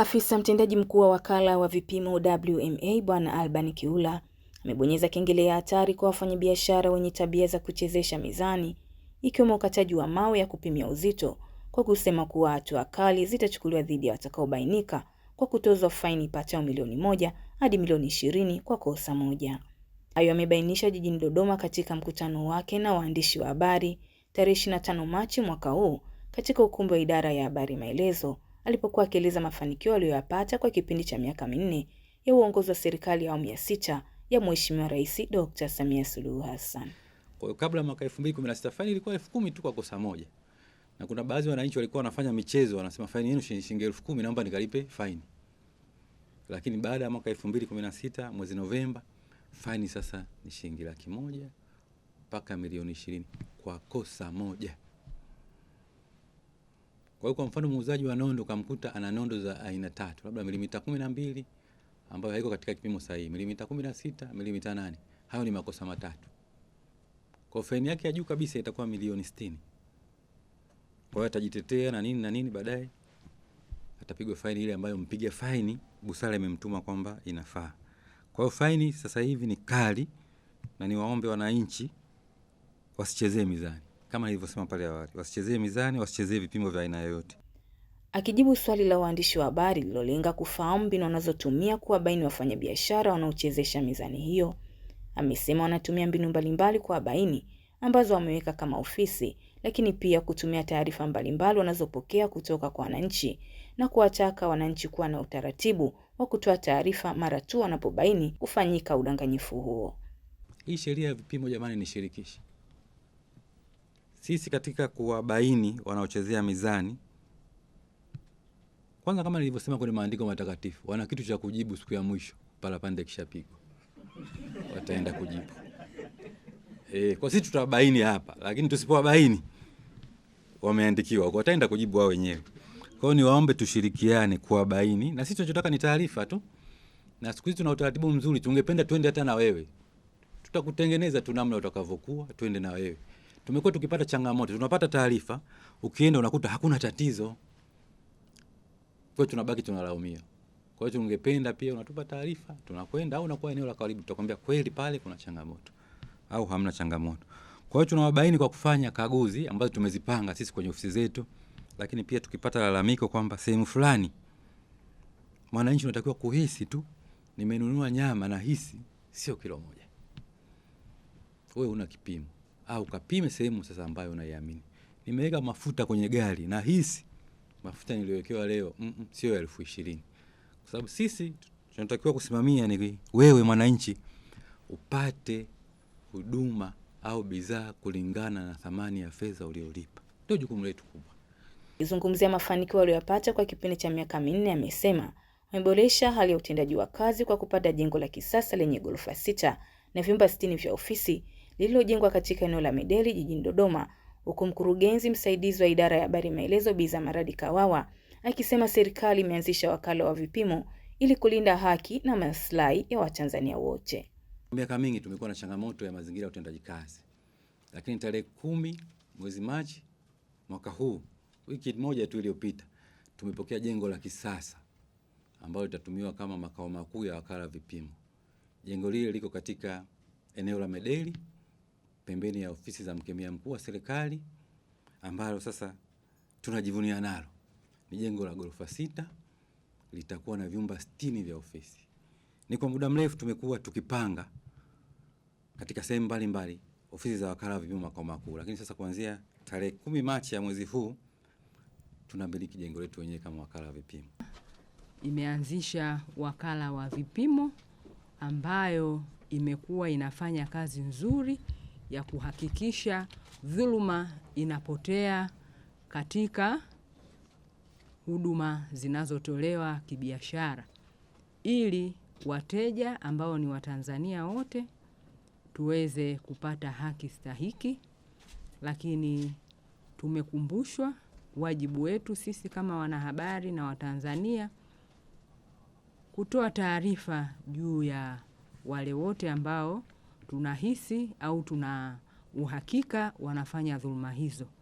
Afisa mtendaji mkuu wa wakala wa vipimo WMA Bwana Alban Kiula amebonyeza kengele ya hatari kwa wafanyabiashara wenye tabia za kuchezesha mizani, ikiwemo ukataji wa mawe ya kupimia uzito, kwa kusema kuwa hatua kali zitachukuliwa dhidi ya watakaobainika kwa kutozwa faini ipatayo milioni moja hadi milioni ishirini kwa kosa moja. Hayo amebainisha jijini Dodoma katika mkutano wake na waandishi wa habari tarehe 25 Machi mwaka huu katika ukumbi wa idara ya habari Maelezo alipokuwa akieleza mafanikio aliyoyapata kwa kipindi cha miaka minne ya uongozi wa serikali ya awamu ya sita ya Mheshimiwa Rais Dr. Samia Suluhu Hassan. Kwa hiyo kabla mwaka 2016 faini ilikuwa elfu kumi tu kwa kosa moja. Na kuna baadhi ya wananchi walikuwa wanafanya michezo wanasema faini yenu shilingi elfu kumi naomba nikalipe faini. Lakini baada ya mwaka 2016 mwezi Novemba faini sasa ni shilingi laki moja mpaka milioni ishirini kwa kosa moja. Kwa hiyo kwa mfano muuzaji wa nondo kamkuta ana nondo za aina tatu, labda milimita kumi na mbili ambayo haiko katika kipimo sahihi, milimita kumi na sita milimita nane Hayo ni makosa matatu. Kwa faini yake ya juu kabisa itakuwa milioni sitini. Kwa hiyo atajitetea na nini na nini, baadaye atapigwa faini ile ambayo mpiga faini busara imemtuma kwamba inafaa. Kwa hiyo faini sasa hivi ni kali, na niwaombe wananchi wasichezee mizani kama nilivyosema pale awali, wasichezee mizani, wasichezee vipimo vya aina yoyote. Akijibu swali la waandishi wa habari lilolenga kufahamu mbinu wanazotumia kuwabaini wafanyabiashara wanaochezesha mizani hiyo, amesema wanatumia mbinu mbalimbali kuwabaini ambazo wameweka kama ofisi, lakini pia kutumia taarifa mbalimbali wanazopokea kutoka kwa wananchi na kuwataka wananchi kuwa na utaratibu wa kutoa taarifa mara tu wanapobaini kufanyika udanganyifu huo. Hii sheria ya vipimo jamani, ni shirikishi sisi katika kuwabaini wanaochezea mizani, kwanza kama nilivyosema kwenye maandiko matakatifu, wana kitu cha kujibu siku ya mwisho, parapanda ikishapigwa wataenda kujibu. E, kwa sisi tutawabaini hapa, lakini tusipowabaini wameandikiwa, wataenda kujibu wao wenyewe. Kwa hiyo niwaombe tushirikiane kuwabaini, na sisi tunachotaka ni taarifa tu, na siku hizi tuna utaratibu mzuri, tungependa tuende hata na wewe, tutakutengeneza tu namna utakavyokuwa, tuende na wewe tumekuwa tukipata changamoto, tunapata taarifa, ukienda unakuta hakuna tatizo, kwa tunabaki tunalaumia. Kwa hiyo tungependa pia unatupa taarifa, tunakwenda au unakuwa eneo la karibu, tutakwambia kweli pale kuna changamoto au hamna changamoto. Kwa hiyo tunawabaini kwa kufanya kaguzi ambazo tumezipanga sisi kwenye ofisi zetu, lakini pia tukipata lalamiko kwamba sehemu fulani mwananchi unatakiwa kuhisi tu, nimenunua nyama na hisi sio kilo moja, wewe una kipimo au kapime sehemu sasa ambayo unaiamini. Nimeweka mafuta kwenye gari na hisi mafuta niliyowekewa leo mm -mm, sio elfu ishirini kwa sababu sisi tunatakiwa kusimamia ni wewe mwananchi upate huduma au bidhaa kulingana na thamani ya fedha uliolipa. Ndio jukumu letu kubwa. Akizungumzia mafanikio aliyoyapata kwa kipindi cha miaka minne, amesema ameboresha hali ya utendaji wa kazi kwa kupata jengo la kisasa lenye ghorofa sita na vyumba sitini vya ofisi lililojengwa katika eneo la Medeli jijini Dodoma, huku mkurugenzi msaidizi wa idara ya habari maelezo Biza Maradi Kawawa akisema serikali imeanzisha wakala wa vipimo ili kulinda haki na maslahi ya Watanzania wote. Miaka mingi tumekuwa na changamoto ya mazingira ya utendaji kazi, lakini tarehe kumi mwezi Machi mwaka huu, wiki moja tu iliyopita, tumepokea jengo la kisasa ambalo litatumiwa kama makao makuu ya wakala wa vipimo. Jengo lile liko katika eneo la Medeli pembeni ya ofisi za mkemia mkuu wa serikali ambalo sasa tunajivunia nalo. Ni jengo la ghorofa sita litakuwa na vyumba sitini vya ofisi. Ni kwa muda mrefu tumekuwa tukipanga katika sehemu mbalimbali ofisi za wakala wa vipimo makao makuu, lakini sasa kuanzia tarehe kumi Machi ya mwezi huu tunamiliki jengo letu wenyewe kama wakala wa vipimo. Imeanzisha wakala wa vipimo ambayo imekuwa inafanya kazi nzuri ya kuhakikisha dhuluma inapotea katika huduma zinazotolewa kibiashara ili wateja ambao ni Watanzania wote tuweze kupata haki stahiki, lakini tumekumbushwa wajibu wetu sisi kama wanahabari na Watanzania kutoa taarifa juu ya wale wote ambao tunahisi au tuna uhakika wanafanya dhuluma hizo.